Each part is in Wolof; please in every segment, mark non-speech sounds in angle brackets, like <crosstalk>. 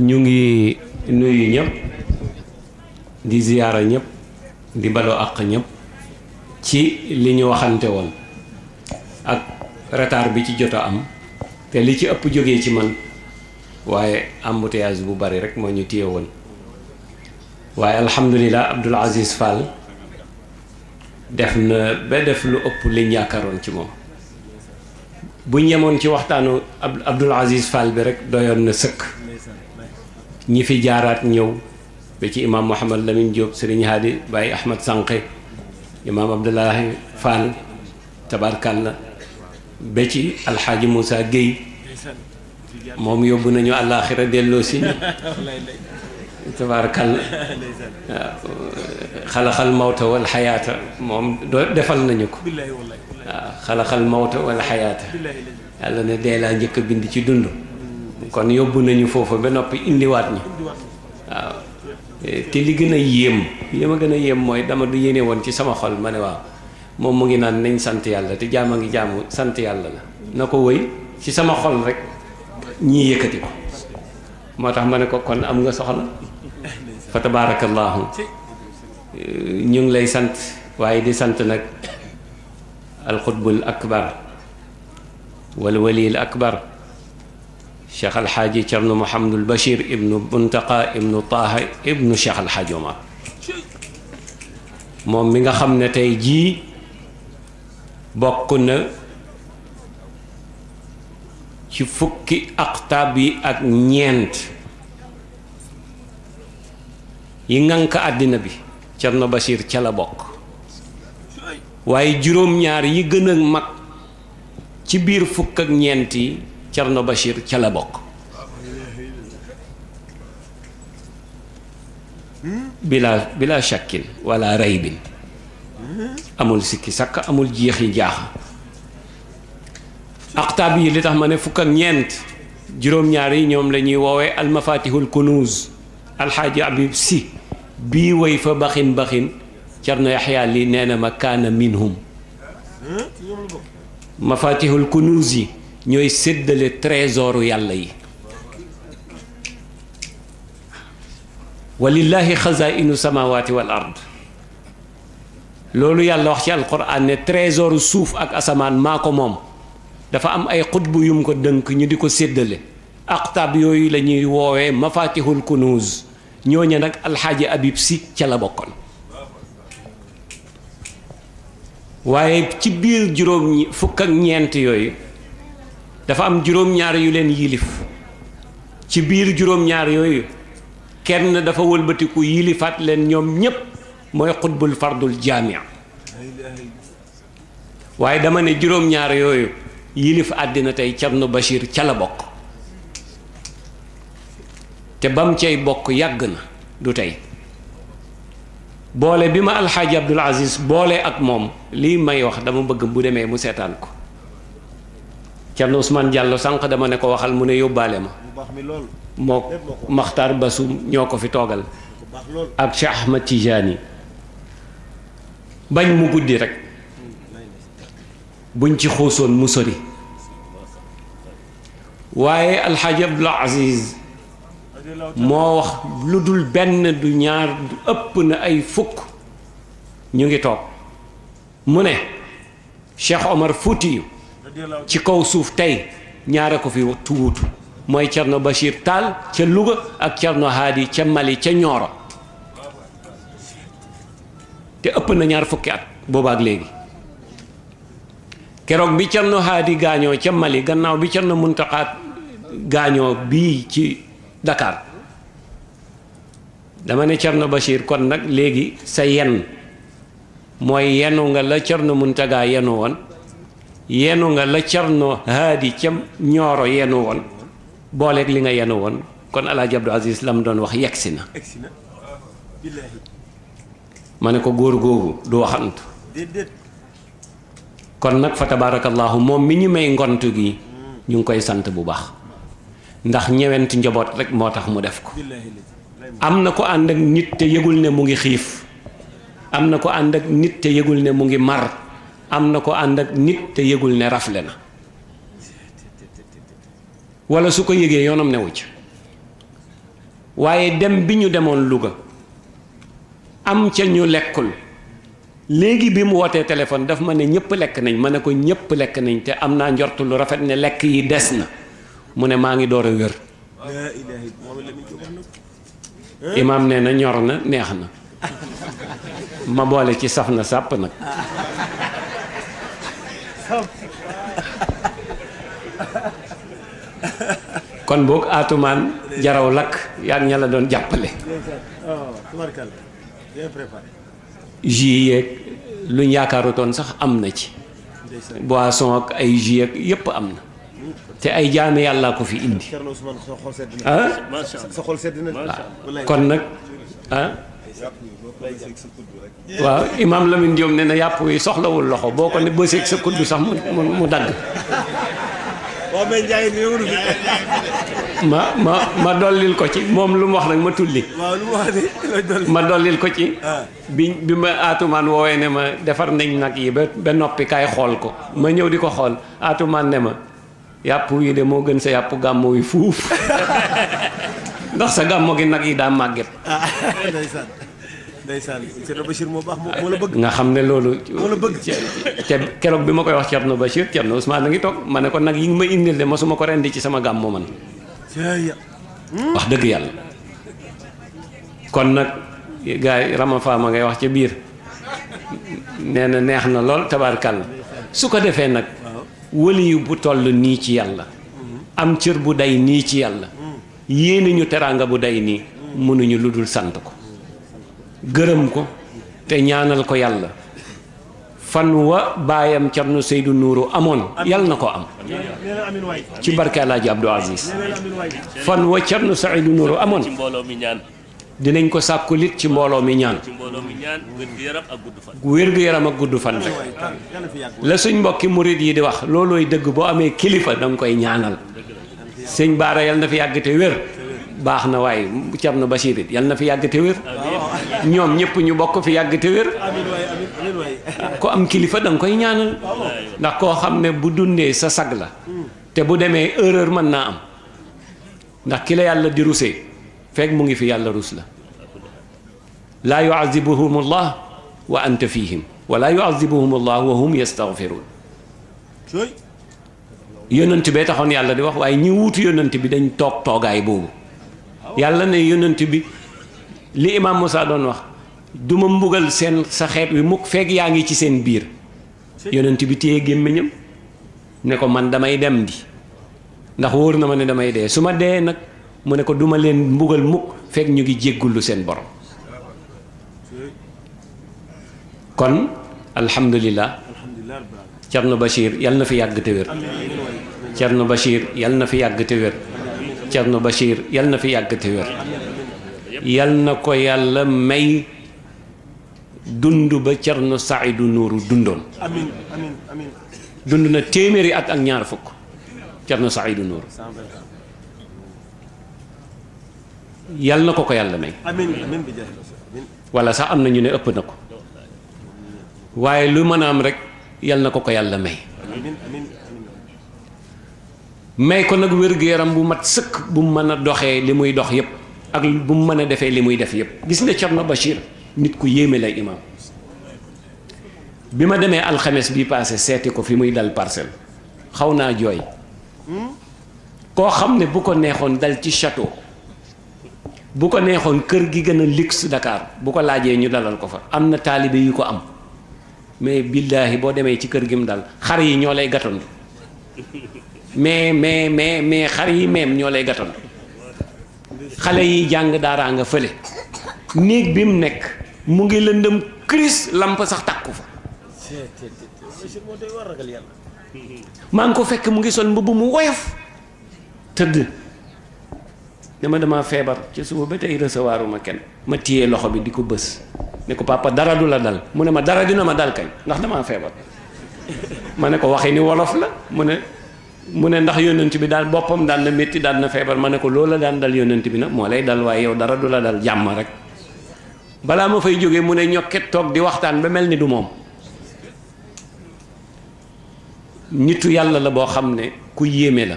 ñu ngi nuyu ñëpp di ziyaara ñëpp di baloo àq ñëpp ci li ñu waxante woon ak retard bi ci jot a am te li ci ëpp jógee ci man waaye embouteillage bu bari rek moo ñu téye woon waaye alhamdulilah Abdoul Aziz Fall def na ba def lu ëpp liñ yaakaaroon ci moom bu yemoon ci waxtaanu Abdoul Aziz Fall bi rek doyoon na sëkk ñi fi jaaraat ñëw ba ci imaam Mouhamed Lamine Diop Serigne Hadi Baye Ahmed Sànqe imaam Abdoulaye Fall tabarkalla ba ci alxaaji Moussa Guèye moom yóbbu nañu àllaaxira delloo si tabarkalla xalaxal mawta wal xayaata moom defal nañu ko waaw xalaxal mawta wal xayaata yàlla ne dee laa njëkk a bind ci dund kon yóbbu nañu foofu ba noppi indiwaat ñi waaw eh, te li gën a yéem li ma gën a yéem mooy dama du yéene woon ci sama xol ma ne waaw moom mu ngi naan nañ sant yàlla te jaam a ngi jaamu sant yàlla la na ko woy ci sama xol rek ñii yëkkati ko moo tax ma ne ko kon am nga soxla fa tabaarakallaahu eh, ñu ngi lay sant waaye di sant nag alxutbul akbar wal waliyul akbar cheikh alxaaji cerno mohamadul bachir ibnu buntaqa ibnu taaha ibnu cheikh alxaaji moom mi nga xam ne tey jii bokk na ci fukki aqtaab yi ak ñeent yi ngànk àddina bi cerno bachir ca la bokk waaye juróom-ñaar yi gën a mag ci biir fukk ak ñeent Cerno Bachir ca la bokk bila bila shakkin wala raybin amul sikki sakk amul jeex yi jaax aqtaab yi tax ma ne fukk ñeent juróom-ñaar yi ñoom la ñuy woowee almafatihul kunuz alxaaji abib si bii woy fa baxin baxin Cerno Yaxya li nee na ma kaana minhum mafatihul kunuz yi ñooy séddale trésoru yàlla yi walillahi xazainu samawati wal ard loolu yàlla wax ci alquran ne trésoru suuf ak asamaan maa ko moom dafa am ay xutbu yum ko dënk ñu di ko séddale aqtab yooyu la ñuy woowee mafatihul kunuz ñooña nag alxaaji abib si ca la bokkoon waaye ci biir juróom fukk ak ñeent yooyu dafa am juróom-ñaar yu leen yilif ci biir juróom-ñaar yooyu kenn dafa wëlbatiku yilifaat leen ñoom ñépp mooy xutbul fardul jaamia waaye dama ne juróom-ñaar yooyu yilif àddina tey Thierno Bachir ca la bokk te bam cay bokk yàgg na du tey boole bi ma alxaaji Abdul Aziz boole ak moom lii may wax dama bëgg bu demee mu seetaan ko Cerno Ousmane Diallo sànq dama ne ko waxal mu ne yóbbaale ma moo Maxtaar Basu ñoo ko fi toogal ak ci Ahmad Tijaani bañ mu guddi rek buñ ci xuusoon mu sori waaye alxaaji Abdul Aziz moo wax lu dul benn du ñaar du ëpp na ay fukk ñu ngi toog mu ne Cheikh Omar Fuutiyu ci kaw suuf tey ñaara ko fi tuwutu mooy Cerno Bachir Tall ca Louga ak Cerno Haadi ca Mali ca Ñooro te ëpp na ñaar fukki at boobaak léegi keroog bi Cerno Haadi gaañoo ca Mali gannaaw bi Cerno Muntaxa gaañoo bii ci Dakar dama ne Cerno Bachir kon nag léegi sa yenn mooy yenu nga la Cerno Muntaxa yenu woon yenu nga la Cerno Haadi ca Ñooro yenu woon booleeg li nga yenu woon kon Alaaji Abdou Aziz la mu doon wax yegsi na ah, ma ne ko góor googu du waxantu kon nag fa tabaarakallaahu moom mi ñu may ngont gi ñu ngi koy sant bu baax ndax ñewent njaboot rek moo tax mu def ko am na ko ànd ak nit te yëgul ne mu ngi xiif am na ko ànd ak nit te yëgul ne mu ngi mar am na ko ànd ak nit te yëgul ne rafle na wala su ko yëgee yoonam newu ci waaye dem bi ñu demoon Louga am ca ñu lekkul léegi bi mu wootee téléphone daf ma ne ñëpp lekk nañ ma ne ko ñëpp lekk nañ te am naa njort lu rafet ne lekk yi des na mu ne maa ngi door a wér imaam nee na ñor na neex na ma boole ci saf na sàpp nag <laughs> kon boog atumaan jaraw lakk yaa ña la doon jàppale jus yeeg luñ yaakaarutoon sax am na ci boisson ak ay jus yeeg yépp am na te ay jaami yàllaa ko fi indi ah? kon nag ah? waaw imaam Lamine Diop ne na yàpp wi soxlawul loxo boo ko ne bëseeg sa kuddu sax mu mu dagg. ma ma ma dollil ko ci moom lu mu wax nag ma tulli. ma dollil ko ci. Ah. bi bi ma aatumaan woowee ne ma defar nañ nag yi ba ba noppi xool ko ma ñëw di ko xool aatumaan ne ma yàpp wi de moo gën sa yàpp gàmmo wi fuuf <laughs> ndox sa gàmmo gi nag yi daa màgget. Ah, <laughs> ndeysaan Thierno Bachir moo bëgg. nga xam ne loolu. moo la bëgg te keroog bi ma koy wax Thierno Bachir Thierno Ousmane a ngi toog ma ne ko nag yi nga ma indil de mosuma ko rendi ci sama gàmmu man. Hmm? wax dëgg yàlla. kon nag gars yi Rama ngay wax ca biir nee na neex na lool tabaarkàlla su ko defee nag. wëli bu toll nii ci yàlla. Hmm. am cër bu day nii ci yàlla. Hmm. yéene ñu teraanga bu day nii. mënuñu lu dul sant ko. gërëm ko te ñaanal ko yàlla fan wa baayam Cerno Seydou Nourou amoon yàlla na ko am ci barke Alaaji Abdou Aziz fan wa Cerno Seydou Nourou amoon dinañ ko sàkku lit ci mbooloo mi ñaan wér gu yaram ak gudd fan rek la suñ mbokki murit yi di wax loolooy dëgg boo amee kilifa danga koy ñaanal sëñ Baara yal na fi yàgg te wér baax na waaye Cerno Bachir yal na fi yàgg te wér ñoom ñëpp ñu bokk fi yàgg te wér ku am kilifa danga koy ñaanal ndax koo xam ne bu dundee sa sag la te bu demee erreur mën naa am ndax ki la yàlla di rusee fekk mu ngi fi yàlla rus la laa yuazibuhum allah wa anta fihim wala yuazibuhum allah wa hum yastaghfirun yonent bee taxoon yàlla di wax waaye ñi wuutu yonant bi dañ toog toogaay boobu yàlla ne yonent bi li imaam Moussa doon wax du ma mbugal seen sa xeet wi mukk fekk yaa ngi ci seen biir yonent bi téye gémmiñam ne ko man damay dem di ndax wóor na ma ne damay dee su ma dee nag mu ne ko duma leen mbugal mukk fekk ñu ngi jéggulu seen borom kon alhamdulillah Cerno Bachir yal na fi yàgg te wér Cerno Bachir yal na fi yàgg te wér Cerno Bachir yal na fi yàgg te yal na ko yàlla may dund ba Cerno Saidu Nuuru dundoon dund na téeméeri at ak ñaar fukk Cerno Saidu Nuuru yal na ko ko yàlla may wala sax am na ñu ne ëpp na ko waaye lu mën a am rek yal na ko ko yàlla may may ko nag wér-gu-yaram bu mat sëkk bu mën a doxee li muy dox yépp ak bu mu mën a defee li muy def yépp gis nga Thierno Bachir nit ku yéeme la imam bi ma demee alxemes bi paase seeti ko fi muy dal parcelle xaw naa jooy koo xam ne bu ko neexoon dal ci château bu ko neexoon kër gi gën a lix Dakar bu ko laajee ñu dalal ko fa am na taalibe yu ko am mais billaahi boo demee ci kër gi mu dal xar yi ñoo lay gatandu mais mais mais mais xar yi meem ñoo lay gatandu xale yi jàng daaraa nga fële néeg bi mu nekk mu ngi lëndëm crise lamp sax tàkku fa maa ngi ko fekk mu ngi sol mbubb mu woyof tëdd dama dama feebar ci suba ba tey recevoir ma kenn ma téye loxo bi di ko bës ne ko papa dara du la dal mu ne ma dara dina ma dal kañ ndax damaa feebar ma ne ko waxi ni wolof la mu ne mu ne ndax yonent bi daal boppam daan na métti daan na feebar ma ne ko loola daan dal yonent bi nag moo lay dal waaye yow dara du la dal jàmm rek balaa ma fay jóge mu ne ñokket toog di waxtaan ba mel ni du moom nitu yàlla la boo xam ne ku yéeme la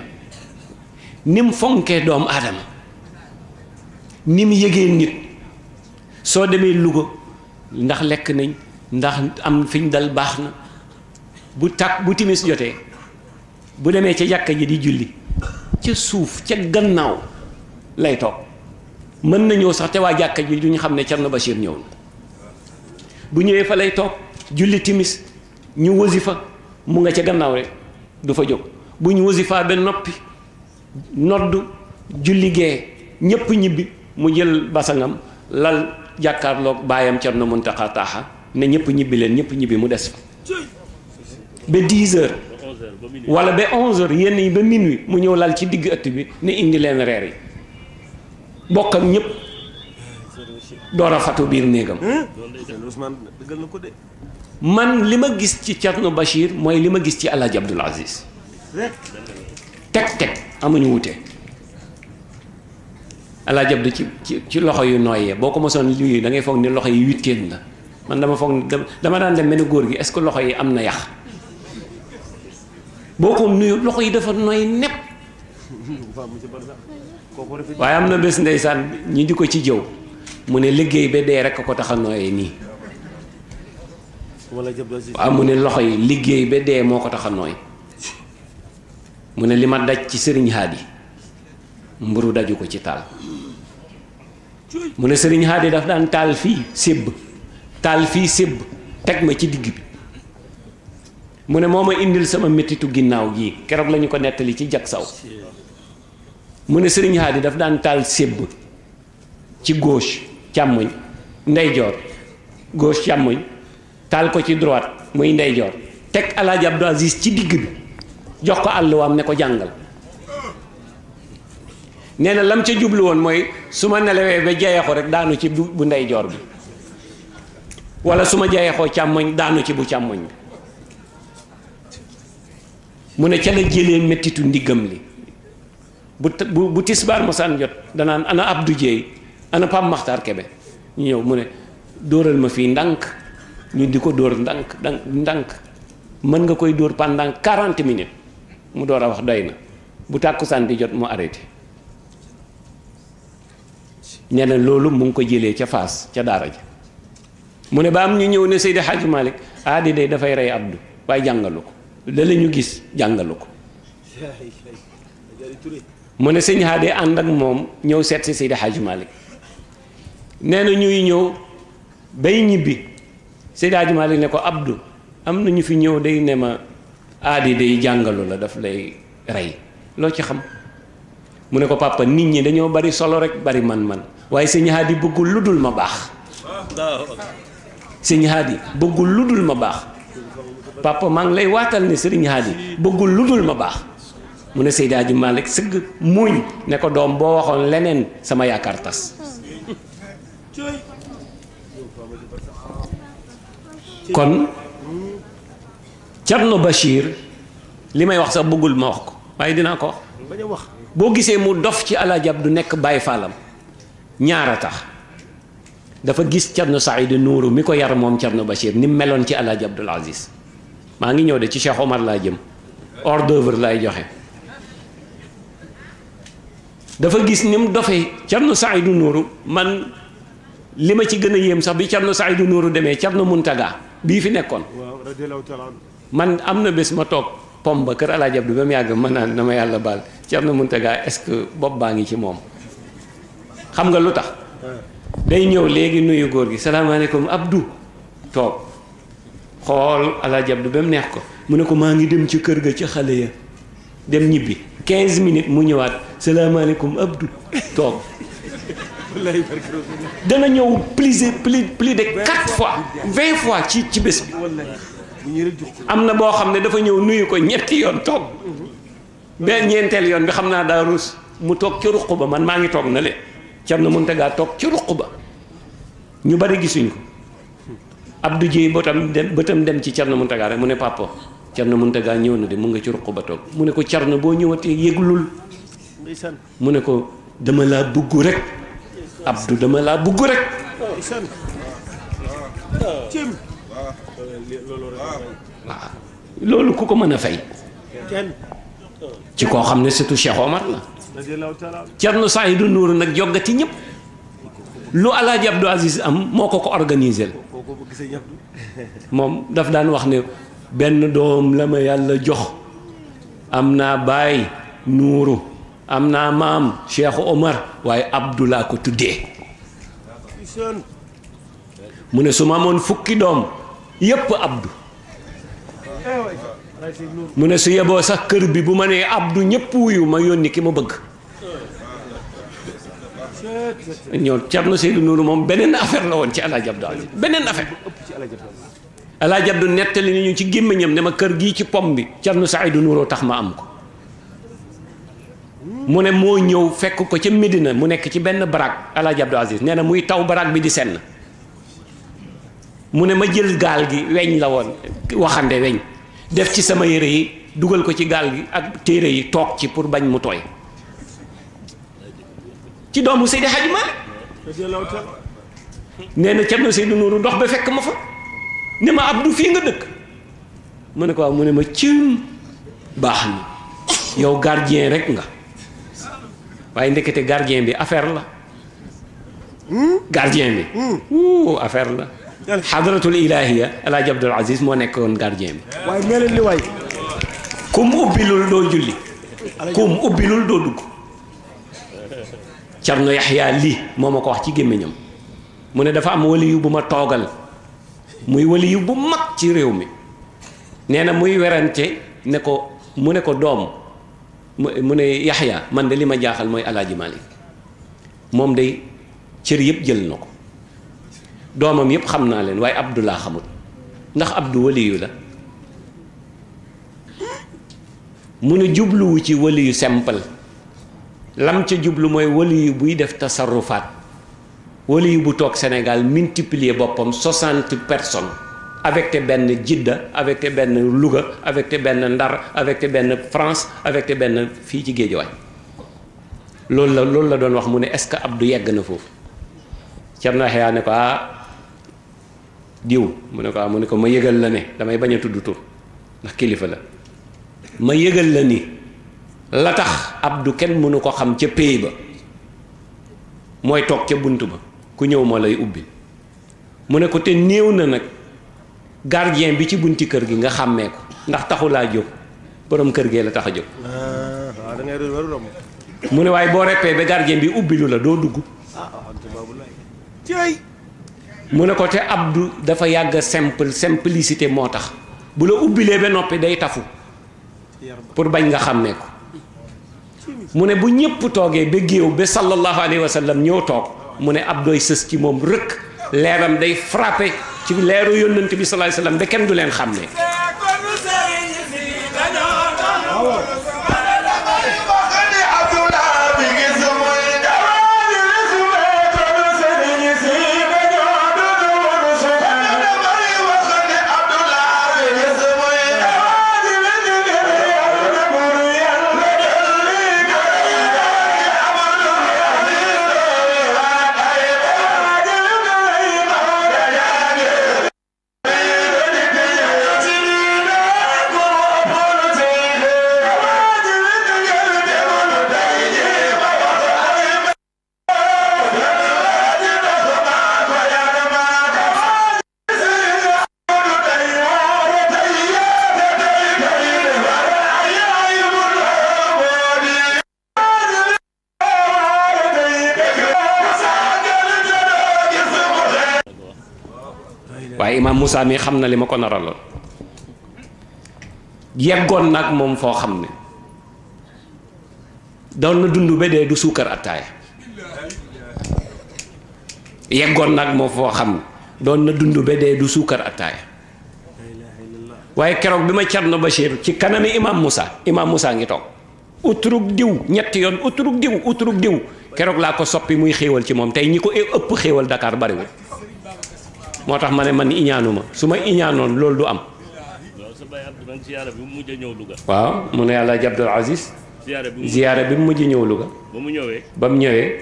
ni mu fonkee doom aadama ni mu yëgee nit soo demee Louga ndax lekk nañ ndax am fiñ dal baax na bu tàkk bu timis jotee bu demee ca jàkka ji di julli ca suuf ca gannaaw lay toog mën na ñëw sax te waa jàkka ji duñu xam ne Thierno Bachir ñëw na bu ñëwee fa lay toog julli timis ñu wasifa mu nga ca gannaaw rek du fa jóg bu ñu wasifaa ba noppi noddu julli gee ñépp ñibbi mu jël basangam lal jàkkaarloog baayam Thierno Mountakha Taha ne ñëpp ñibbi leen ñëpp ñibbi mu des fa ba 10 heures wala ba 11h yenn yi ba minuit mu ñëw lal ci digg ëtt bi ne indi leen reer yi bokk ak ñëpp door a fatu biir néegam. Hmm? man li ma gis ci Thierno Bachir mooy li ma gis ci El Hadj Aziz teg teg amuñu wute El Hadj ci ci ci loxo yu nooyee boo ko mosoon lii da ngay foog ni loxo yi witteen la man dama foog dama daan dem mel ne góor gi est-ce que loxo yi am na yax. boo ko nuyu loxo yi dafa nooy nepp waaye am na bés ndeysaan ñu di ko ci jëw mu ne liggéey ba dee rek ko tax a nooyee nii waaw mu ne loxo yi liggéey ba dee moo ko taxa nooy mu ne li ma daj ci sëriñ yi mburu daju ko ci taal mu ne sëriñ Haadi daf daan taal fii séb taal fii séb teg ma ci digg bi mu ne moo ma indil sama méttitu ginnaaw gii keroog lañu ko nettali ci jag saw mu ne sëriñ Haadi daf daan taal sébb ci gauche càmmoñ ndeyjoor gauche càmmoñ taal ko ci droite muy ndeyjoor teg alaaji Abdou Aziz ci digg bi jox ko àlluwaam ne ko jàngal nee na lam ca jublu woon mooy su ma nelawee ba jayeexu rek daanu ci bu ndeyjoor bi wala su ma jayeexoo càmmoñ daanu ci bu càmmoñ bi mu ne ca la jëlee méttitu ndiggam li bu bu bu tisbaar mosaan jot danaan ana Abdou Dieye ana Pape Makhtar Kebe ñu ñëw mu ne dóoral ma fii ndànk ñu di ko dóor ndànk ndànk mën nga koy dóor pendant quarante minutes mu door a wax doy na bu tàkkusaan di jot mu arrêté nee na loolu mu ngi ko jëlee ca Faas ca daara ja mu ne ba am ñu ñëw ne Seydi Hadj Malick aadi ah dey dafay rey Abdou waaye jàngalu ko la la ñu gis jàngalu ko mu ne sëñ Haade ànd ak moom ñëw seet si Seydi Hadji nee na ñuy ñëw bay ñibbi Seydi Hadji Malick ne ko Abdou am na ñu fi ñëw day ne ma aadi day jàngalu la daf lay rey loo ci xam mu ne ko papa nit ñi dañoo bari solo rek bari man-man waaye sëñ Haadi bëggul lu dul ma baax sëñ Haadi bëggul lu dul ma baax papa maa ngi lay waatal ne Serigne Hadi bëggul lu dul ma baax mu ne Seydi Hadji sëgg muñ ne ko doom boo waxoon leneen sama yaakaar tas kon Thierno Bachir li may wax sax bëggul ma wax ko waaye dinaa ko wax boo gisee mu dof ci alajab du nekk Baay Faalam a tax dafa gis Thierno Saïd Nourou mi ko yar moom Thierno Bachir ni meloon ci alaaji Abdul Aziz maa ngi ñëw de ci Cheikh Omar laa jëm hors d'œuvre lay joxe dafa gis ni mu dofee Thierno Saïdou Nourou man li ma ci gën a yéem sax bi Thierno Saïdou Nourou demee Thierno Muntaga bii fi nekkoon man am na bés ma toog pom ba kër Alaaji Abdu ba mu yàgg ma naan na ma yàlla baal Thierno Muntaga est-ce que bopp baa ngi ci moom xam nga lu tax day ñëw léegi nuyu góor gi salaamaaleykum Abdou toog xool alaaji Abdu ba mu neex ko mu ne ko maa ngi dem ci kër ga ci xale ya dem ñibbi 15 minutes mu ñëwaat salaamaaleykum Abdou toog dana ñëw plus plus plus de 4 fois 20 fois ci ci bés bi am na boo xam ne dafa ñëw nuyu ko ñetti yoon toog ba ñeenteel yoon bi xam naa daa ruus mu toog ci ruq ba man maa ngi toog na le Cerno Muntaga toog ci ruq ba ñu bari gisuñ ko Abdou Dieye bëtam dem bëtam dem ci Thierno Mountaga rek mu ne papa Thierno Mountaga ñëw na de mu nga ci ruq ba toog mu ne ko Thierno boo ñëwatee yëglul mu ne ko dama laa bugg rek Abdou dama laa bugg rek loolu ku ko mën a fay ci koo xam ne surtout Cheikh Omar la Thierno Saïdou Nour nag joggati ñëpp lu Alaaji Abdou Aziz am moo ko ko organisé ko bëgg sëñ moom daf daan wax ne benn doom la ma yàlla jox am naa baay nuuru am naa maam Cheikh Omar waaye Abdou laa ko tuddee mu ne su ma amoon fukki doom yépp Abdou eh, mu ne su yeboo sax kër bi bu ma nee Abdou ñépp wuyu ma yónni ki ma bëgg ñoom Thierno Seydou Nourou moom beneen affaire la woon ci El Hadj Abdou Aziz beneen affaire El Hadj Abdou nettali nañu ci gémmiñam ne ma kër gii ci pom bi Thierno Seydou Nourou tax ma am ko mu ne moo ñëw fekk ko ci Medina mu nekk ci benn baraag El Hadj Abdou nee na muy taw baraag bi di senn mu ne ma jël gaal gi weñ la woon waxande weñ def ci sama yére yi dugal ko ci gaal gi ak téere yi toog ci pour bañ mu tooy. ci doomu Seydi Hadji Malick nee na Cerno Seydou Nourou ndox ba fekk ma fa ne ma Abdou fii nga dëkk mu ne ko waaw mu ne ma cim baax na yow gardien rek nga waaye ndekete gardien bi affaire la hmm? gardien bi wuu hmm. affaire la xadratul ilahiya El Hadj Abdoul Aziz moo nekkoon gardien bi waaye nee leen li waay kum doo julli kum ubbilul doo dugg Cerno Yaxya lii moo ma ko wax ci gémmiñam mu ne dafa am waliyu bu ma toogal muy waliyu bu mag ci réew mi nee na muy werante ne ko mu ne ko doom mu ne Yaxya man de li ma jaaxal mooy Alaaji Malik moom day cër yëpp jël na ko doomam yépp xam naa leen waaye Abdu laa xamut ndax Abdu waliyu la mu ne jubluwu ci waliyu simple lam ca jublu mooy wali yu buy def tasarrufaat wali yu bu toog Sénégal multiplier boppam soixante personnes avec te benn Jidda avec te benn Louga avec te benn Ndar avec te benn France avec te benn fii ci Géejawaay loolu la loolu la doon wax mu ne est-ce que Abdou yegg na foofu Cerno Yaxya ne ko ah diw mu ne ko ah mu ne ko ma yëgal la ne damay bañ a tudd tur ndax kilifa la ma yëgal la ni la tax ab du kenn mënu ko xam ca péey ba mooy toog ca bunt ba ku ñëw ma lay ubbil mu ne ko te néew na nag gardien bi ci bunti kër gi nga xàmmee ko ndax taxu laa jóg boroom kër gee la tax a jóg ah, mu ne waaye boo reppee ba gardien bi ubbilu la doo dugg ah, ah, mu ne ko te Abdou dafa yàgg simple simplicité moo tax bu la ubbilee ba noppi day tafu pour bañ nga xàmmee ko mu ne bu ñëpp toogee ba géew ba sallallahu alayhi wa sallam ñëw toog mu ne ab doy sës ci moom rëkk leeram day frappé ci leeru yónnante bi sallallahu alayhi wa sallam ba kenn du leen xam ne Moussa mi xam na li ma ko naraloon yeggoon nag moom foo xam ne doon na dund du suukar attaaya yeggoon nag moom foo xam ne doon na dund ba dee du suukar attaaya waaye keroog bi ma Cerno Bachir ci kanami imaam Moussa imaam Moussa ngi toog uturug diw ñetti yoon uturug diw uturug diw keroog laa ko soppi muy xéewal ci moom tey ñi ko ëpp xéewal Dakar bariwul moo tax ma ne man iñaanu ma su ma iñaanoon loolu du am. waaw mu ne yàlla Abdul Aziz. ziyaara bi mu mujj ñëw Louga. ba mu ñëwee. ba mu ñëwee.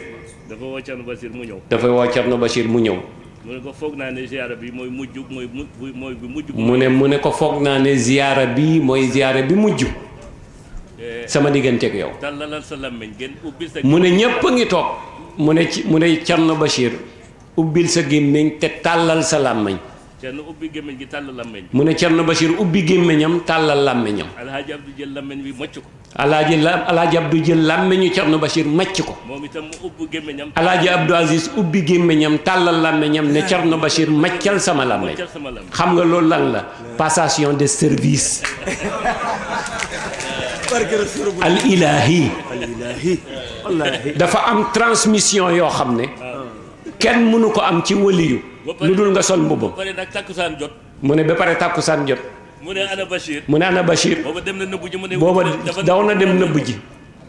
dafa woo Thierno Bachir mu ñëw. dafa woo Thierno Bachir mu ñëw. mu ne ko foog naa ne ziyaara bi mooy mujj mooy mooy bi mujj. mu ne mu ne ko foog naa ne ziyaara bi mooy ziyaara bi mujj. Eh. sama digganteeg yow. mu ne ñëpp a ngi toog. mu ne ci mu ne Thierno Bachir. ubbil sa gémmiñ te tàllal sa làmmiñ cerno gémmiñ gi tàllal làmmiñ mu ne cerno Bachir ubbi gémmiñam tàllal làmmiñam alaaji Abdu jël làmmiñ bi mocc ko alaaji la alaaji Abdu jël làmmiñu cerno Bachir màcc ubbi gémmiñam alaaji Abdou Aziz ubbi gémmiñam tàllal làmmiñam ne cerno Bachir màccal sama làmmiñ xam nga loolu lan la passation de service al ilaahi dafa am transmission yoo xam ne kenn mënu ko am ci waliyu lu dul nga sol mbubbam mu ne ba pare tàkkusaan jot mu ne ana Bachir mu ne ana Bachir booba dem na nëbb ji mu ne booba daw na dem nëbb ji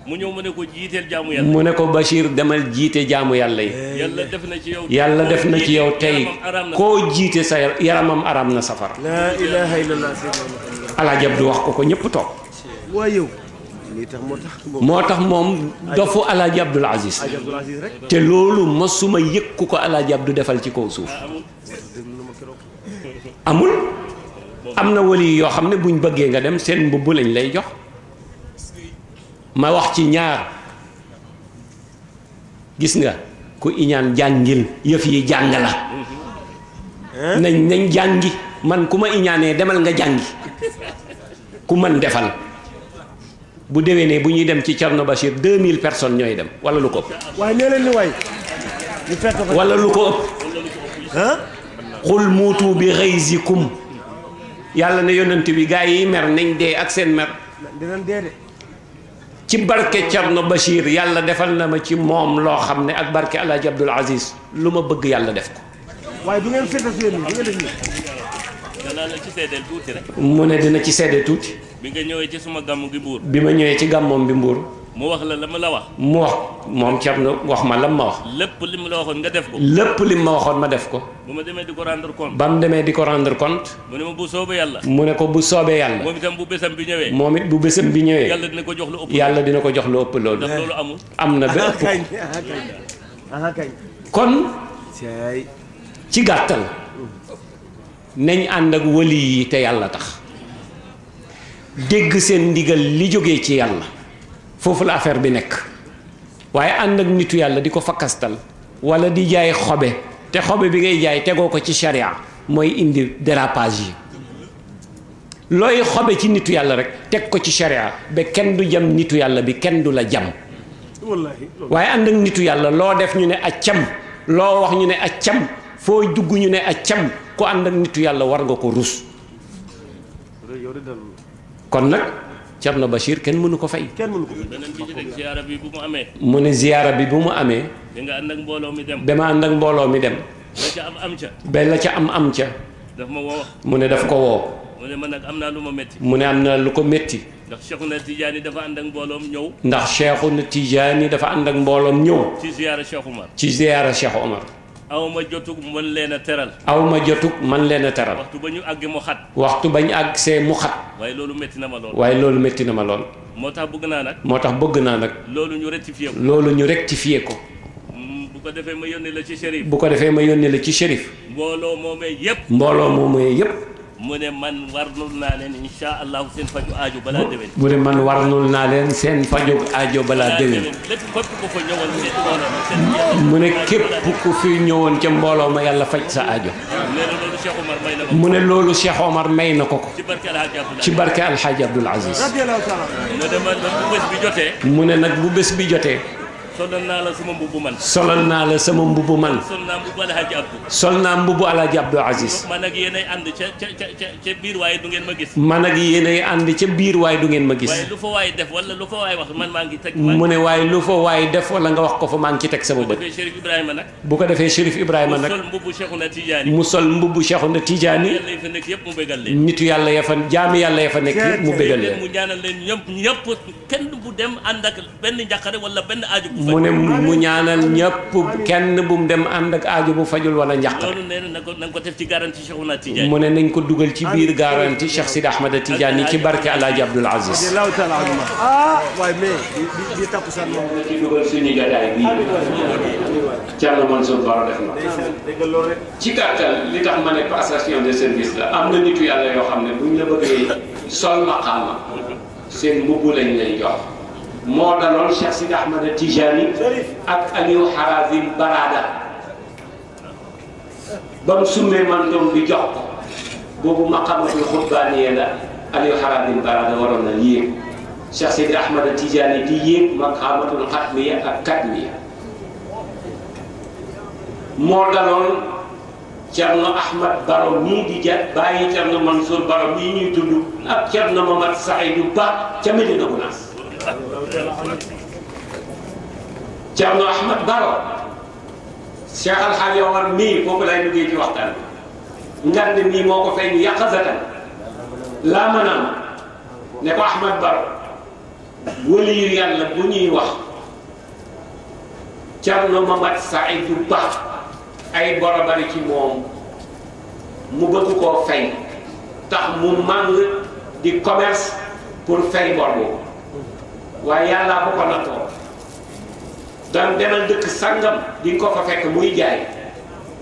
mu ñëw mu ne ko jiiteel jaamu yàlla mu ne Bachir demal jiite jaamu yàlla yi yàlla def na ci yow yàlla def na ci yow tey koo jiite sa yaramam araam na safar laa ilaaha illallaah wax ko ko ñépp toog moo tax moom dofu alaaji Abdul te loolu masuma yëg ku ko alaaji Abdu defal ci kaw suuf amul am na wali yoo xam ne buñ bëggee nga dem seen mbubb lañ lay jox ma wax ci ñaar gis nga ku iñaan jàngil yëf yi jàng la nañ nañ jàngi man ku ma iñaanee demal nga jàngi ku mën defal bu dewee nee bu ñuy dem ci Thierno Bachir 2000 personnes ñooy dem wala lu ko ëpp. waaye nee leen ni waay. ñu fekk fa wala lu ko ëpp. ah. xul muutu bi ghayzikum yàlla ne yonent bi gaa yi mer nañ dee ak seen mer. dinañ dee de. ci barke Thierno Bachir yàlla defal na ma ci moom loo xam ne ak barke El Hadj Aziz lu ma bëgg yàlla def ko. waaye du ngeen fekk seen du ngeen def mu ne dina ci seede tuuti. bi nga ñëwee ci suma gàmmu gi mbuur bi ma ñëwee ci gàmmoom bi mbuur mu wax la la ma la wax mu wax moom Thierno wax ma lam ma wax lépp li mu la waxoon nga def ko lépp li mu ma waxoon ma def ko ba ma demee di ko rendre compte ba mu demee di ko rendre compte mu ma bu soobee yàlla mu ne ko bu soobee yàlla moom bu bésam bi ñëwee moom it bu bésam bi ñëwee yàlla dina ko jox lu ëpp dina ko jox lu ëpp loolu amul am na ah, ba ëpp ah, ah, kon ci gàttal nañ ànd ak wëli yi te yàlla tax dégg seen ndigal li jógee ci yàlla foofu la affaire bi nekk waaye ànd ak nitu yàlla di ko fakkastal wala di jaay xobe te xobe bi ngay jaay tegoo ko ci sharia mooy indi dérapage yi looy xobe ci nitu yàlla rek teg ko ci sharia ba kenn du jam nitu yàlla bi kenn du la jam waaye ànd ak nitu yàlla loo def ñu ne accam loo wax ñu ne accam foo dugg ñu ne accam ku ànd ak nitu yàlla war nga ko rus kon nag Thierno Bachir kenn mënu ko fay. kenn mënu ko fay bi bu mu amee. mu ne ziyaara bi bu mu amee. danga ànd ak mbooloo mi dem. dama ànd ak mbooloo mi dem. la ca am am ca. ba la ca am am ca. daf ma mu ne daf ko woo. man nag am naa lu ma métti. mu ne am na lu ko métti. ndax Cheikhu na Tijaani dafa ànd ak mbooloom ñëw. ndax Cheikhu na Tijaani dafa ànd ak mbooloom ñëw. ci ziyaara Cheikh Omar. ci ziyaara Cheikh Omar. aw ma jotug mën leen a teral. aw ma jotug man leen a teral. waxtu ba ñu àgg mu xat. waxtu ba ñu àgg see mu xat. waaye loolu métti na ma lool. waaye loolu métti na ma lool. moo tax bëgg naa nag. moo tax bëgg naa nag. loolu ñu rectifié ko. loolu ñu rectifié ko. Mm, bu ko defee ma yónnee la ci shérif. bu ko defee ma yónnee la ci shérif. mbooloo moomee yëpp. mbooloo moomee yëpp. mu ne man warlul naa leen incha allahu seen faju aajo bala déwén. mu ne man warlul naa leen seen faju aajo balaa déwén. mu ne képp ku fi ñëwoon ca mbooloo ma yàlla faj sa aajo. mu ne loolu Cheikh Omar may na ko ko. ci barke Alxaaji Abdul Aziz. mu ne nag bu bés bi jotee. solal naa la sama mbubu man. solal naa la sama mbubu man. sol naa mbubu Alhaji Abdou. sol naa mbubu Alhaji Abdou Aziz. man ak yéenay ànd ca ca ca ca biir waaye du ngeen ma gis. man ak yéenay ànd ca biir waaye du ngeen ma gis. waaye lu fa waay def wala lu fa waay wax man maa ngi teg. mu ne waaye lu fa waay def wala nga wax ko fa maa ngi ci teg sama bët. bu ko defee Chérif Ibrahima nag. bu ko defee Chérif Ibrahima nag. mu sol mbubu Cheikhuna Tidiane. mu sol mbubu Cheikhuna Tidiane. nitu yàlla ya fa jaami yàlla ya fa nekk yëpp mu bégal leen. mu ñaanal leen ñëpp ñëpp kenn bu dem ànd ak benn njàqare wala benn aaju mu ne mu ñaanal ñëpp kenn bu mu dem ànd ak aajo bu fajul wala njàqare mu ne nañ ko dugal ci biir garanti Cheikh Sidi Ahmad Tidiane ci barke El Hadj Abdoul Aziz. Ah. ci dugal suñu gadaay bii Thierno Mansour Baro def na ci gàttal li tax ma ne passation de service la am na nitu yàlla yoo xam ne buñ la bëggee sol maqaama seen mbubb lañ lay jox. moo daloon Cheikh Sidi Ahmad Tijani ak Aliou Harazim Barada ba mu summee mantoom bi jox boobu maqamatul xutbaaniya la Aliou Harazim Barada waroon na yéeg Cheikh Sidi Ahmad Tijani di yéeg maqamatul xatmiya ak katmiya moo daloon Cerno Ahmad Baro nii di jat bàyyi Cerno Mansour Baro mii ñuy tudd ak Cerno Mamad Saïdou Ba ca Medina Gounass Thierno Ahmad Baro Cheikh Al Hadj Omar mii foofu laay duggee ci waxtaan bi ngand mii moo ko feeñ yaqazatan laa mënaan ne ko Ahmad Baro wëliir yàlla bu ñuy wax Thierno Mamat Saïdou Ba ay boro ci moom mu bëgg koo fay tax mu màng di commerce pour fay bor waaye yàllaa bu ko nattoo daan demal dëkk sangam di nga ko fa fekk muy jaay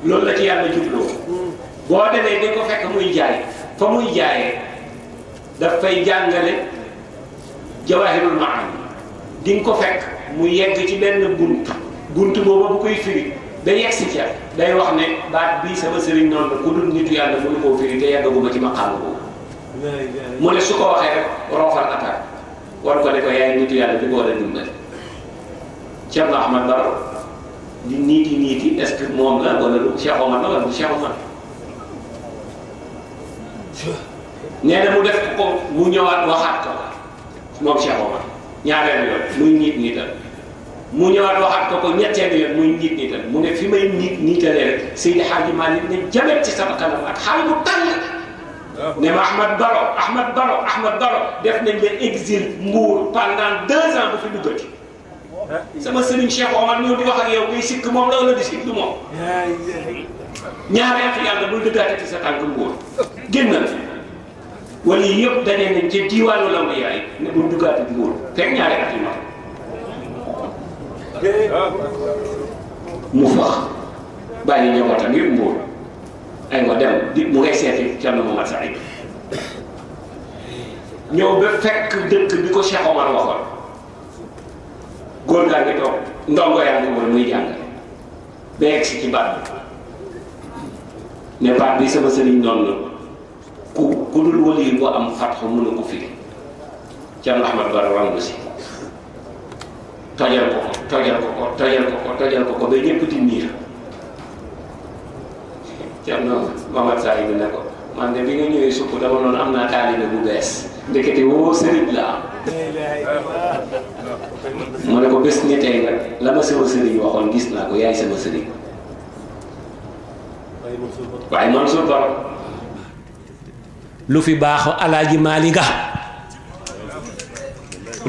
loolu la ci yàlla jubloo boo demee di ko fekk muy jaay fa muy jaayee daf fay jàngale jawahirul maani di nga ko fekk mu yegg ci benn bunt bunt booba bu koy firi da yegg si ca day wax ne baat bii sama sëriñ noonu la ku dul nitu yàlla mënu koo firi te yàggaguma ci maqaam boobu mu ne su ko waxee rek roofal attaque war ko ne ko yaay nitu yàlla bi ko war a dimbali Cheikh Ahmad Baro di niiti niiti est-ce moom la wala du mu def ko mu ñëwaat waxaat ko moom Cheikh Omar ñaareel yoon muy niit niital mu ñëwaat waxaat ko ko ñetteel yoon muy mu ne fi may niit niitalee rek Seydi Hadji Malick ne jamet ci sama kanam ak xaal bu tàng ne ma Ahmad Baro Ahmad Baro Ahmad Baro def nañ la exil Mbour pendant deux ans bu fi duggati sama sëriñ Cheikh Omar ñëw di wax ak yow ngay sikk moom la wala di sikk du moom ñaari at yàlla bul dëggaate ci sa tànk Mbour génnal wala yii yëpp daje nañ ci diwaanu lamb yaay ne bul duggaate Mbour fekk ñaari at yu mag mu fax bàyyi njabootam yëpp Mbour ay nga dem di mu ngay seeti Thierno Momadou Saïd ñëw ba fekk dëkk bi ko Cheikh Omar waxoon góor gaa ngi toog ndongo yaa ngi woon muy jàngale ba yegg ci baat bi ne baat bi sama sëriñ noonu la ku ku dul wali bu am fatxu mën a ko firi Thierno Ahmad Baro Rango si tojal ko ko tojal ko ko tojal ko ko ba ñëpp di niir. Cerno Mamad Saïd ne bi nga ñëwee sukk dama noonu am naa taalibe bu bees ndekete woo sëriñ la am <laughs> mu ne ko bés ni tey nag la ma sama sëriñ waxoon gis naa ko yaay sama sëriñ waaye Mansour Ba lu fi baax Alaaji Maali nga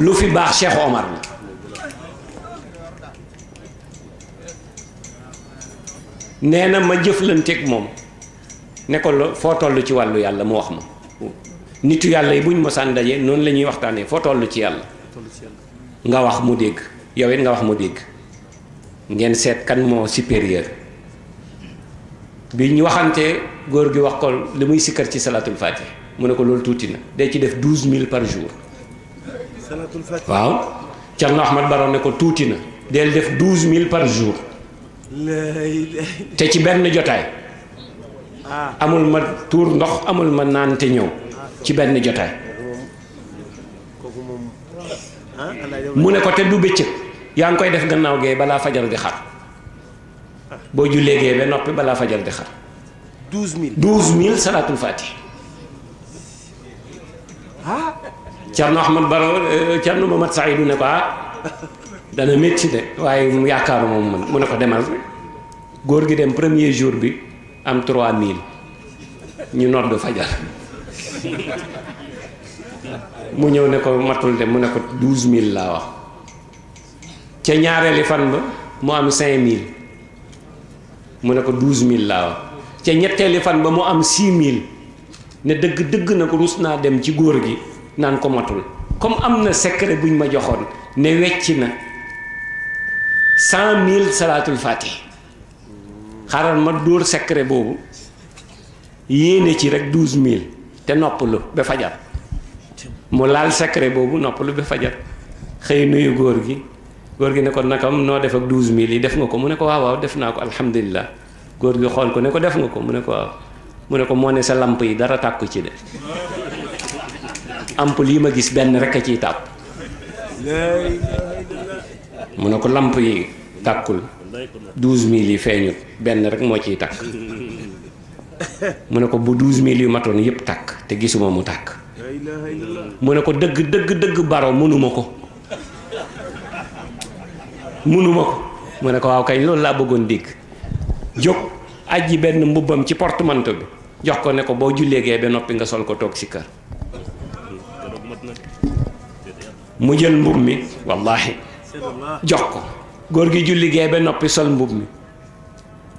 lu fi baax Cheikh Omar la nee na ma jëflanteek moom ne ko foo toll ci wàllu yàlla mu wax ma nit yàlla yi buñ mosaan dajee noonu la ñuy waxtaanee foo toll ci yàlla nga wax mu dégg yow it nga wax mu dégg ngeen seet kan moo supérieur bi ñu waxantee góor gi wax ko li muy sikkar ci salaatul faatih mu ne ko loolu tuuti na day ci def douze mille par jour waaw Cerno Ahmad Baro ne ko tuuti na del def douze mille par jour te ci benn jotaay ah. amul ma tuur ndox amul ma naan te ñëw ah. ci benn jotaay ah, mu ne ko te du bëccëg yaa ngi koy def gannaaw gee balaa fajar di xar boo jullee gee ba noppi balaa fajar di xar douze mille douze mille salaatul faati Cerno Ahmad Baro eh, Cerno ne ko ah dana métti de waaye mu yaakaaru moom mën mu ne ko demal góor gi dem premier jour bi am 3000 ñu nodd fajar mu ñëw ne ko matul dem mu ne ko 12000 laa wax ca ñaareeli fan mu am 5000 mu ne ko 12000 laa wax ca ñetteeli fan ba mu am 6000 ne dëgg dëgg na ko rus naa dem ci góor gi naan ko matul comme am na secret buñ ma joxoon ne wecc na. cent mille salaatul fatih xaral ma dóor secret boobu yéene ci rek douze mil te noppalu ba fajar mu laal secret boobu noppalu ba fajar xëy nuyu góor gi góor gi ne ko nakam noo def ak douze mille yi def nga ko mu ne ko waaw naa ko alhamdulilah góor gi xool ko ne ko def nga ko mu ne ko waaw mu ne ko moo ne sa lamp yi dara tàkku ci de ampoule yi ma gis benn rek a ciy tàpp mu ne ko lamp yi tàkkul douze mil yi feeñut benn rek moo ciy tàkk mu ne ko bu douze mille yu matoon yëpp takk te gisuma mu tàkk mu ne ko dëgg dëgg dëgg baro mënuma ko mënuma ko mu ne ko waaw kañ loolu laa bëggoon dégg jóg aji benn mbubbam ci portemanteau bi jox ko ne ko boo jullee gee ba noppi nga sol ko toog si kër mu jël mbub mi wallaahi jox ko góor gi julli gee ba noppi sol mbub mi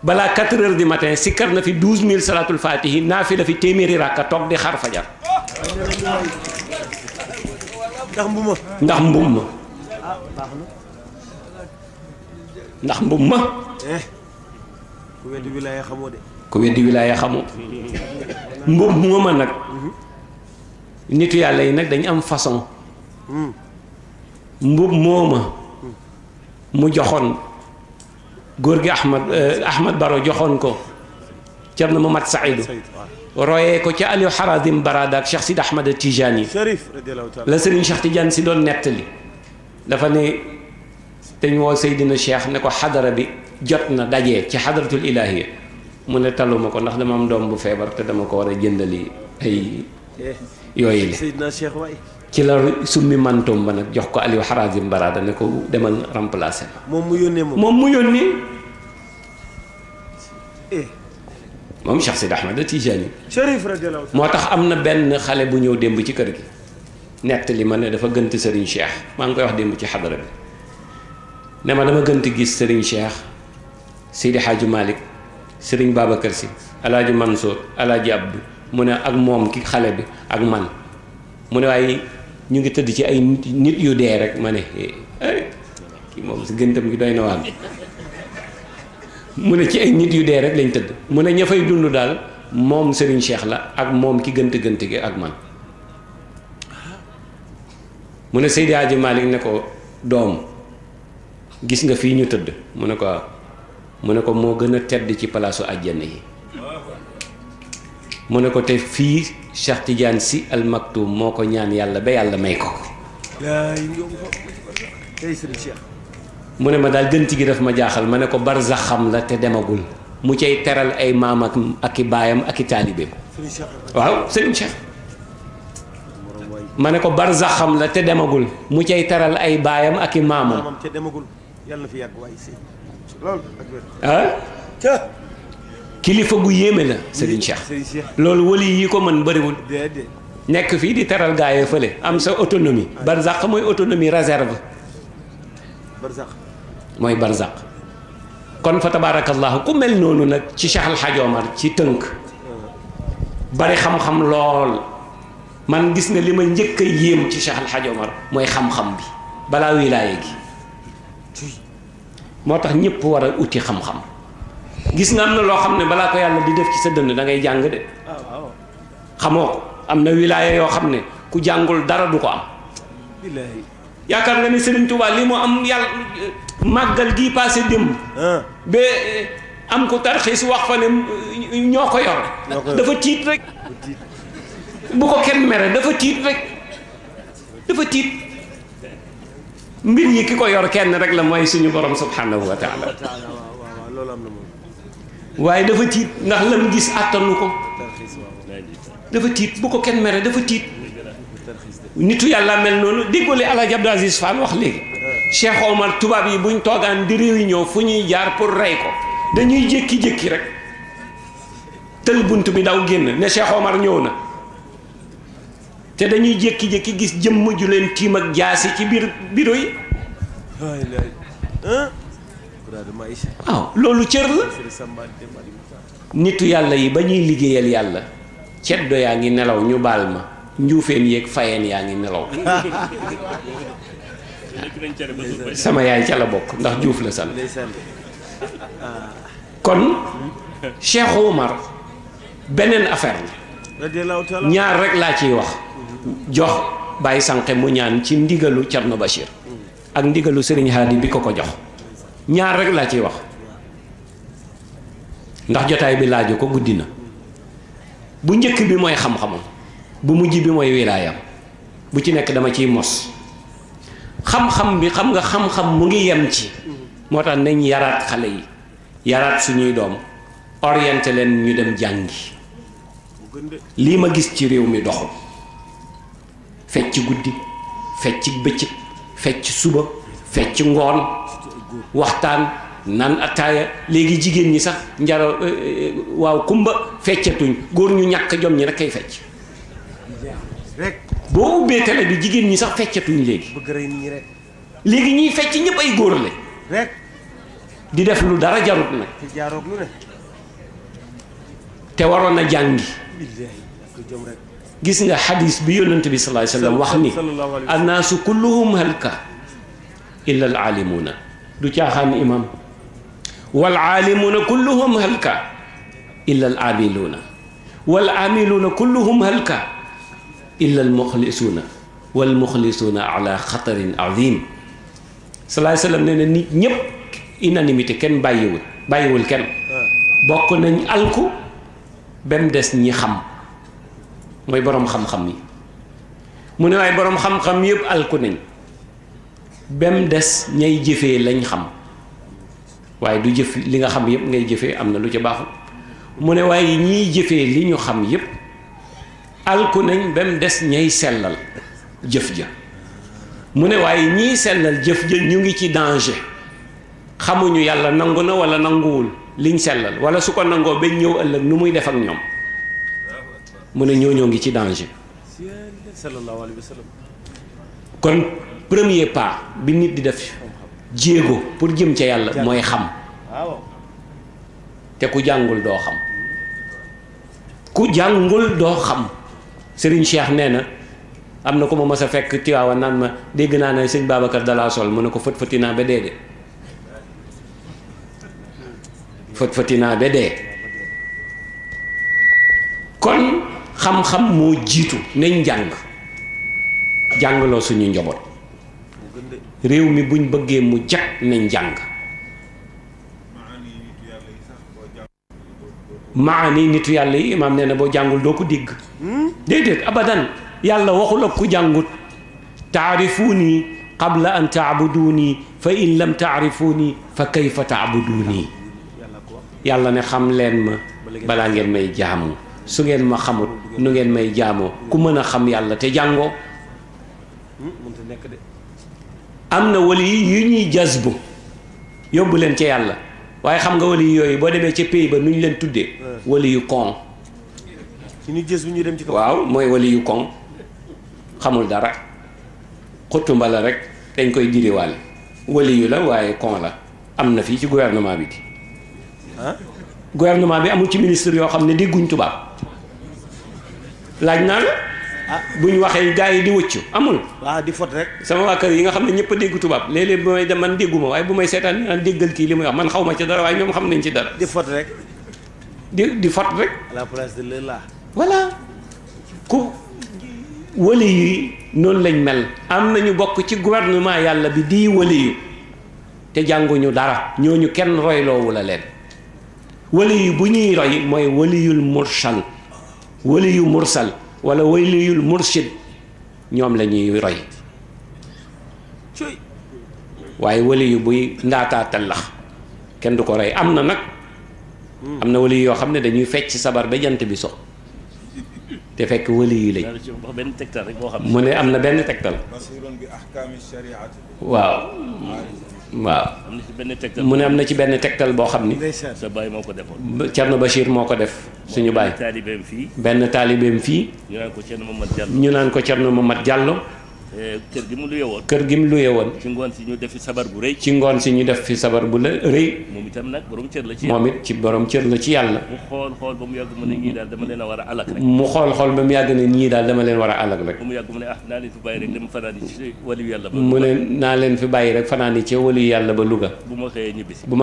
balaa 4 heures du matin sikkar na fi 12000 salaatul faatihi naa fi la fi téeméeri ràkka toog di xar fajar ndax mbub ma ndax mbub ma ndax mbub ma eh, ku weddi wilaaya xamoo de mooma nag nitu yàlla yi nag dañ am façon hmm. mbub mooma mu joxoon góor gi Ahmad eh, Ahmad Baro joxoon ko Cerno Mamad Saidu royee ko ca Aliou Harazim Barada ak Cheikh Sid Ahmad Tijani la Serigne Cheikh Tidiane si doon nettali dafa ne te ñu woo Seydina Cheikh ne ko xadara bi jot na dajee ci xadaratul ilaahiya mu ne taluma ko ndax dama am doom bu feebar te dama ko war a jëndali ay eh, yooyu la ci la summi mantoom ba nag jox ko Aliou Harazim Barada ne ko demal remplacer ma. moom mu yónnee moom moom mu yónnee. Eh. moom Cheikh Sidi Ahmed Tijani. Chérif radiyallahu moo tax am na benn xale bu ñëw démb ci kër gi. li ma ne dafa gënt Serigne Cheikh maa ngi koy wax démb ci xadara bi ne ma dama gënt gis Serigne Cheikh Sidi Hadj Malick Serigne Babacar Sy El Hadj Mansour El Hadj Abdou mu ne ak moom ki xale bi ak man mu ne waaye ñu ngi tëdd ci ay nit yu dee rek ma ne eh, kii moom si gëntam gi doy na mu ne ci ay nit yu dee rek lañ tëdd mu ne ña fay dund daal moom Serigne Cheikh la ak moom ki gënt gënt gi ak man mu ne Seydi Hadji Malick ne ko doom gis nga fii ñu tëdd mu ne ko mu ne ko moo gën a tedd ci palaasu àjjana yi mu ne ko te fii Cheikh Tidiane si al maktum moo ko ñaan yàlla ba yàlla may ko mu ne ma daal gënt gi daf ma jaaxal ma ne ko barzaxam la te demagul mu cay teral ay maam ak baayam ak i ma ne ko barzaxam la te demagul mu cay teral ay baayam ak i maamam ah kilifa gu yéeme la Serigne Cheikh loolu wali yi ko man bëriwul nekk fii di teral gaayee fële am sa autonomie barzaq mooy autonomie réserve mooy barzaq kon fa tabarakallahu ku mel noonu nag ci Cheikh Al Hadj ci tënk bari xam-xam lool man gis na li ma njëkk a yéem ci Cheikh Al mooy xam-xam bi balaa wilaaye gi moo tax ñëpp war a uti xam-xam gis nga am na loo xam ne balaa ko yàlla di def ci sa dënn dangay ngay jàng de xamoo ko am na wilaaya yoo xam ne ku jàngul dara du ko am yaakaar nga ne Serigne Touba li mu am yàlla màggal gii passé démb ah. ba eh, am ko tarxiis wax fa ne ñoo ko yor dafa tiit rek bu ko kenn mere dafa tiit rek dafa tiit mbir yi ki ko yor kenn rek la mooy suñu borom subhanahu waaye dafa tiit ndax la mu gis àttanu ko dafa tiit bu ko kenn mere dafa tiit nitu yàlla mel noonu déggoo li Alaaji Abdou Aziz Fall wax léegi Cheikh tubaab yi buñ toogaan di ñëw fu ñuy jaar pour rey ko dañuy jékki-jékki rek tël bunt bi daw génn ne Cheikh ñëw na te dañuy jékki-jékki gis jëmm ju leen tiim ak jaasi ci biir biro yi waaw loolu cër la nitu yàlla yi ba ñuy liggéeyal yàlla ceddo yaa ngi nelaw ñu baal ma njuufeen yéeg fayeen yaa ngi nelaw <laughs> sama yaay ca la bokk ndax juuf la sant kon Cheikh Oumar beneen affaire la ñaar rek laa ciy wax jox bàyyi Sanke mu ñaan ci ndigalu Thierno ak ndigalu Serigne Hadi bi ko ko jox ñaar rekk laa ciy wax ndax jotaay bi laaju ko guddi na bu njëkk bi mooy xam-xamam bu mujj bi mooy wilaayam bu ci nekk dama ciy mos xam-xam bi xam nga xam-xam mu ngi yem ci moo tax nañ yaraat xale yi yaraat suñuy doom orienté leen ñu dem jàngi lii ma gis ci réew mi doxul fecc guddi fecc bëccëg fecc suba fecc ngoon waxtaan naan attaaya léegi jigéen ñi sax njaro euh, euh, waaw kumba feccatuñ góor ñu ñàkk jom ñi rek kay fecc boo ubbee télé bi jigéen ñi sax feccatuñ léegi léegi ñuy fecc ñëpp ay góor la di def lu dara jarut nag te waroon a jàngi gis nga xadis bi yonent bi sallallahu alayhi wasallam wax ni annaasu kulluhum halka illa al aalimuuna du caaxaan imam wal aalimuuna kulluhum halka illa al wal aamiluuna kulluhum halka illa al muxlisuuna wal muxlisuuna ala xatarin azim salaay salaam nee na nit ñépp unanimité kenn bàyyiwul bàyyiwul kenn bokk nañ alku ba des ñi xam mooy boroom xam-xam yi mu ne waaye boroom xam-xam yépp alku nañ ba mu des ñay jëfee lañ xam waaye du jëf li nga xam yépp ngay jëfee am na lu ca baaxul mu ne waaye ñiy jëfee li ñu xam yépp alku nañ ba mu des ñay sellal jëf ja mu ne waaye ñiy sellal jëf ja ñu ngi ci danger xamuñu yàlla nangu na wala nanguwul liñ sellal wala su ko nangoo ba ñëw ëllëg nu muy def ak ñoom mu ne ñoo ñoo ngi ci danger kon premier pas bi nit di def jéego pour jëm ca yàlla mooy xam te ku jàngul doo xam ku jàngul doo xam Serigne Cheikh nee na am na ko ma mas a fekk Tiwaawan naan ma dégg naa ne sëñ Babacar dalaa sol mu ne ko fët fëti naa ba dee de fët fëti naa ba dee kon xam-xam moo jiitu nañ jàng jàngaloo suñu njaboot réew mi buñ bëggee mu jag nañ jàng maani nitu yàlla yi imaam nee boo jàngul doo ko dégg déedéet abadan yàlla waxul ak ku jàngut taarifuuni qabla an taabuduuni fa in lam taarifuuni fa kayfa taabuduuni yàlla ne xam leen ma balaa ngeen may jaamu su ngeen ma xamut nu ngeen may jaamoo ku mën a xam yàlla te jàngoo hmm, am na wali yi yu ñuy jazbu yóbbu leen ca yàlla waaye xam nga wali yooyu boo demee ca pays ba nu ñu leen tuddee wali yu kon ñu jës bu ñu dem ci kaw waaw mooy wali yu kon xamul dara xutumba la rek dañ koy diriwaale wali yu la waaye kon la am na fii ci gouvernement bi di gouvernement bi amul ci ministre yoo xam ne dégguñ tubaab laaj naa la Ah, buñ waxee gars yi di wëccu amul waaw di fot rek sama waa kër yi nga xam ne ñëpp a dégg tubaab léeg bu may dem man déggu ma waaye bu may seetaan ñu naan déggal li muy wax man xaw ma ci dara waaye ñoom xam nañ ci fot rek di fot rek de l'État voilà ku wali yi noonu lañ mel am nañu bokk ci gouvernement yàlla bi di wali yu te jànguñu dara ñooñu kenn royloowu la leen wali yu bu ñuy roy mooy waliyul mursal waliyu mursal wala wayliyul mursid ñoom lañuy ñuy roy waaye wali yu buy ndaataatal lax kenn du ko roy am na nag hmm. am na wali yoo xam ne dañuy fecc sabar ba jant bi so te fekk wali yi lañ mu ne am na benn tegtal waaw waaw mu ne am na ci benn tegtal boo xam ni Cerno Bachir moo ko def suñu fii benn taalibeem fii ñu naan ko Cerno mat Diallo Eh, kër gi mu luye woon. kër gi mu luye woon. ci ngoon si ñu def fi sabar bu rëy. ci ngoon si ñu def fi sabar moom itam nag borom cër la ci moom it ci borom cër la ci yàlla. mu xool xool ba mu yàgg ne ñii daal dama leen a war a alak rek. mu xool yàgg a alak rek. ba mu yàgg mu ne ah naa leen fi bàyyi rek dem ci waliyu yàlla ba. mu ne naa leen fi bàyyi rek fanaan ci waliyu yàlla ba Louga. bu ma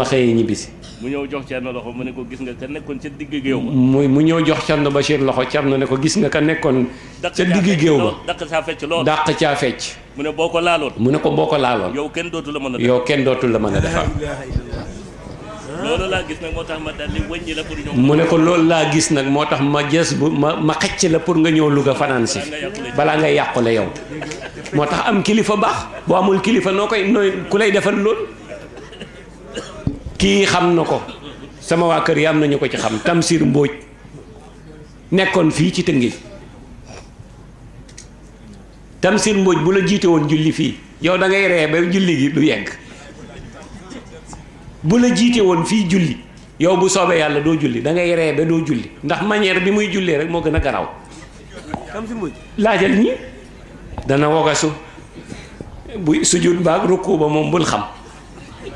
xëyee ñibbisi. mu ñëw jox Cerno loxo mu ne ko gis nga ka nekkoon ca digg géew ba. mu ñëw jox Cerno Bachir loxo Cerno ne ko gis nga ka nekkoon ca digg géew ba. dàq saa fecc. mu ne boo ko mu ne ko boo ko laaloon. yow kenn dootul la mën a defar yow kenn dootul la a defar. loolu gis nag moo tax ma daldi mu ne ko loolu laa gis nag moo tax ma jës bu ma ma xëcc la pour nga ñëw Louga fanaan si balaa ngay yàqule yow moo tax am kilifa baax boo amul kilifa noo koy nooy ku lay defal loolu kii xam na ko sama waa kër yi am nañu ko ci xam Tamsir Mbóoj nekkoon fii ci Tëngéej. Tamsir mbóoj bu la jiite woon julli fii yow da ngay ree ba julli gi lu yegg bu la jiite woon fii julli yow bu soobee yàlla doo julli da ngay ree ba doo julli ndax manière bi muy jullee rek moo gën a garaw Tamsir Mbodj laajal ñi dana wogasu bu sujud baag rukku ba moom bul xam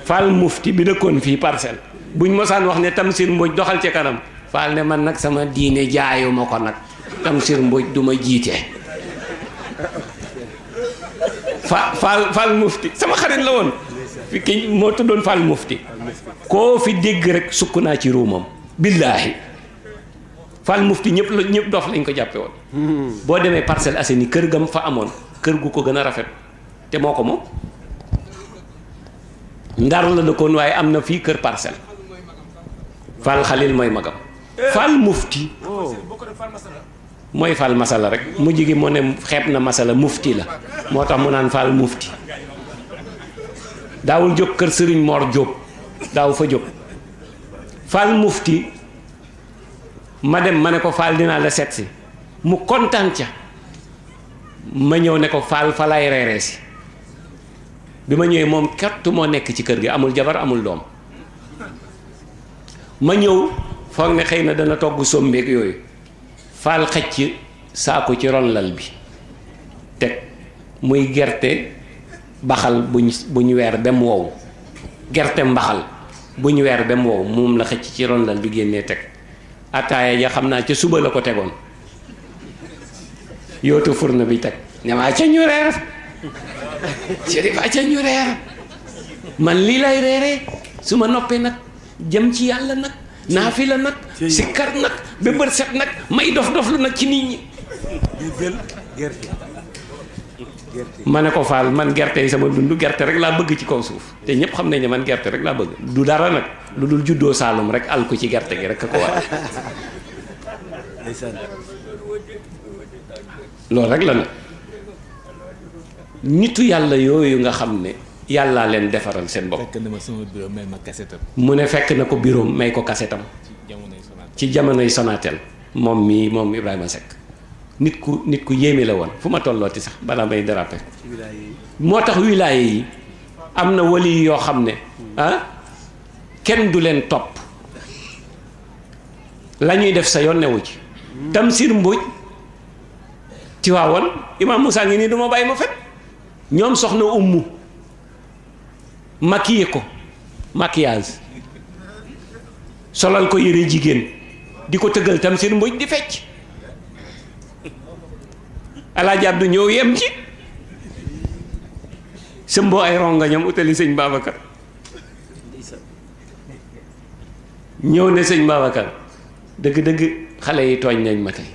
Fall mufti bi dëkkoon fii parcelle buñ mosaan wax ne Tamsir mbóoj doxal ci kanam Fall ne man nag sama diine jaayuma ko nag Tamsir mbóoj du ma jiite fa Fall Fall Mufti sama xarit la woon fi ki moo tuddoon Fall Mufti koo fi dégg rek sukk naa ci ruumam billaahi Fall Mufti ñëpp la ñëpp dof lañ ko jàppe woon boo demee Parcelles ni kër gam fa amoon kër gu ko gën a rafet te moo ko moom ndar la dëkkoon waaye am na fii kër parcelle Fall Xalil mooy magam Fall Mufti oh. mooy fal masala rek mujj gi mu ne xeeb na masala mufti la moo tax mu naan fal mufti daawul jóg kër sëriñ moor Jóob daaw fa jóg fal mufti ma dem ma ne ko faal dinaa la seet si mu kontaan ca ma ñëw ne ko faal falaay reeree si bi ma ñëwee moom kert moo nekk ci kër gi amul jabar amul doom ma ñëw foog ne xëy na dana togg sombeek yooyu faal xëcc saako ci ron lal bi teg muy gerte baxal buñ buñ weer ba mu wow gerte mbaxal buñ weer ba mu wow moom la xëcc ci ron lal bi génnee teg ataaya ja xam naa ca suba la ko tegoon yootu furna bi teg ne ma ca ñu reer man lii lay reere su ma noppee nag jëm ci yàlla nag naafila nag sikkar nag ba bër set nag may dof doflu nag ci nit ñi ma ne ko faal man gerte yi sama dund gerte rek laa bëgg ci kaw suuf te ñépp xam nañ ne man gerte rek laa bëgg du dara nag lu dul juddoo saalom rek al ko ci gerte gi rek a ko war loolu rek la nag nitu yàlla yooyu nga xam ne yàllaa leen defaral seen bokk fekk na ma sama bureau may ma kasetam. mu ne fekk na ko bureau may ko kasetam. ci jamonoy Sonatel moom mii moom Ibrahima Seck nit ku nit ku yéeme la woon fu ma tollooti sax balaa may déraper. moo tax wilaya yi am na wali yoo xam ne ah, kenn du leen topp la ñuy def sa yoon newu ci. Tamsir Mbuuj ci waawoon Imaam Moussa ngi nii du bàyyi ma fet ñoom soxna ummu. maquillé ko maquillage solal ko yére jigéen di ko tëggal tam seen mboj di fecc alaaji Abdu ñëw yem ci sëmboo ay rongañam utali sëñ Babacar ñëw ne sëñ Babacar dëgg-dëgg xale yi tooñ nañ ma tey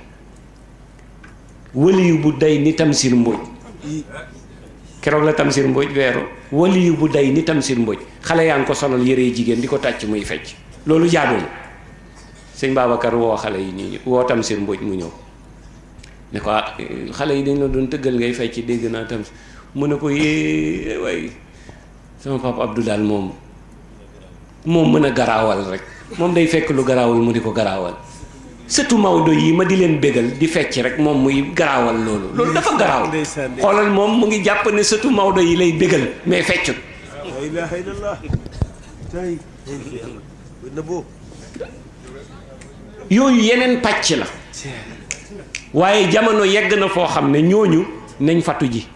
wëli bu day ni tam seen keroog la Tamsir Mbodj weeru waliyu bu day ni Tamsir Mbodj xale yaa ngi ko solal yërey jigéen di ko tàcc muy fecc loolu jaaduwul sëñ Babacar woo xale yi ñu woo Tamsir Mbodj mu ñëw ne ko ah, xale yi dañ la doon tëggal ngay fecc dégg naa Tamsir mu ne ko yee waay sama papa Abdou daal moom moom mën a garaawal rek moom day fekk lu garaawul mu di ko garaawal sëtu Maodo yi ma di leen bégal di fecc rek moom muy garaawal loolu loolu dafa garaaw xoolal moom mu ngi jàpp ne sëtu Maodo yi lay bégal mais feccut yooyu yeneen pàcc la waaye jamono yegg na foo xam ne ñooñu nañ fatu ji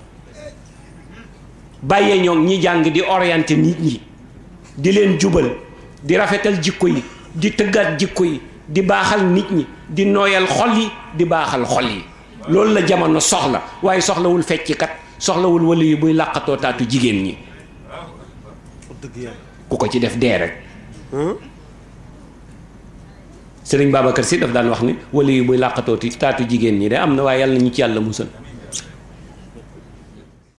bàyyee ñoom ñi jàng di orienté nit ñi di leen jubal di rafetal jikko yi di tëggaat jikko yi di baaxal nit ñi di nooyal xol yi di baaxal xol yi loolu la jamono soxla waaye soxlawul feccikat soxlawul wali yu buy làqatoo taatu jigéen ñi ku ko ci def dee rek hmm? sëriñ Babacar si daf daan wax ni wali yu buy làqatoo taatu jigéen ñi de am na waaye yàlla ñu ci yàlla musal